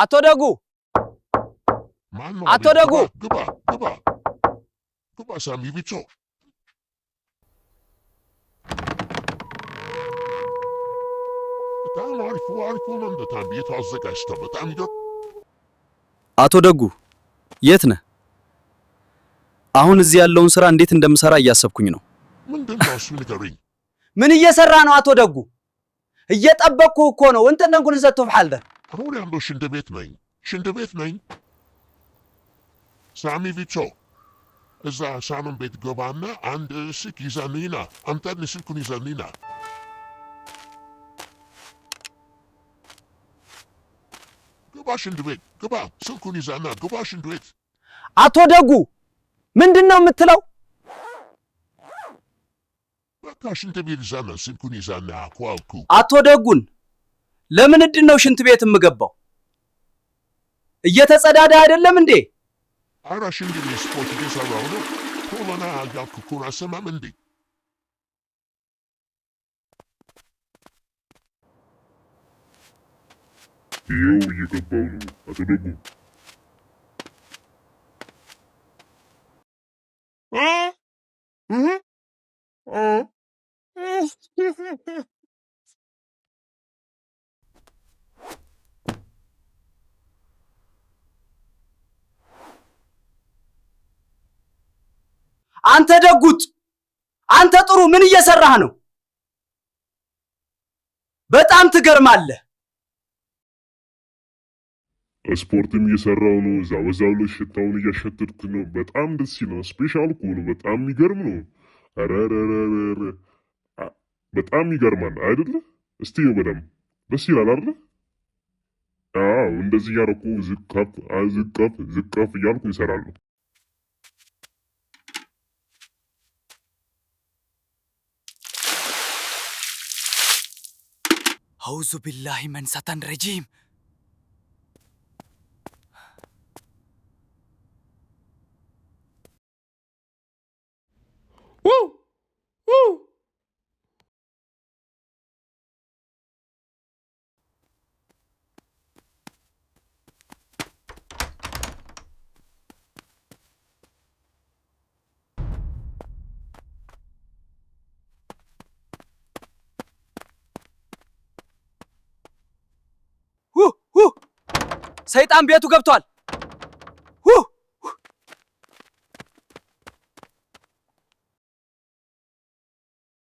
አቶ ደጉ አቶ ደጉ ግባ ሳሚ በጣም አሪፍ አሪፍ በጣም አቶ ደጉ የት ነህ? አሁን እዚህ ያለውን ስራ እንዴት እንደምሰራ እያሰብኩኝ ነው። ምንድን ነው እሱ ንገረኝ። ምን እየሰራ ነው አቶ ደጉ? እየጠበቅኩህ እኮ ነው እንትን ነንኩን ዘቶ በሐል አሁን ያለው ሽንት ቤት ነኝ፣ ሽንት ቤት ነኝ። ሳሚ ቢቾ እዛ ሳሎን ቤት ገባና አንድ ስልክ ይዘኒና አምጣን፣ ስልኩን ይዘኒና ግባ፣ ሽንት ቤት ግባ፣ ስልኩን ይዛና ግባ፣ ሽንት ቤት። አቶ ደጉ ምንድን ነው የምትለው? በቃ ሽንት ቤት ይዛና ስልኩን ይዛና አኳልኩ አቶ ደጉን ለምን እድን ነው ሽንት ቤት የምገባው? እየተጸዳዳ አይደለም እንዴ? ሽንት ቤት ስፖርት እየሰራው ነው። ቶሎና አልዳልኩ እኮ አሰማም እንዴ? ይኸው እየገባው ነው። አትደጉም እ እ እ አንተ ደጉት፣ አንተ ጥሩ፣ ምን እየሰራህ ነው? በጣም ትገርማለህ። ስፖርትም እየሰራው ነው። እዛ በዛው ላይ ሽታውን እያሸተትኩ ነው። በጣም ደስ ይላል። ስፔሻል እኮ ነው። በጣም የሚገርም ነው። ረረረረ በጣም ይገርማል አይደለ? እስቲ ነው በደም ደስ ይላል አይደለ? አዎ እንደዚህ እያደረኩ ዝቅ ከፍ ዝቅ ከፍ ዝቅ ከፍ እያልኩ ይሰራሉ። أعوذ بالله من ستن رجيم ሰይጣን ቤቱ ገብቷል።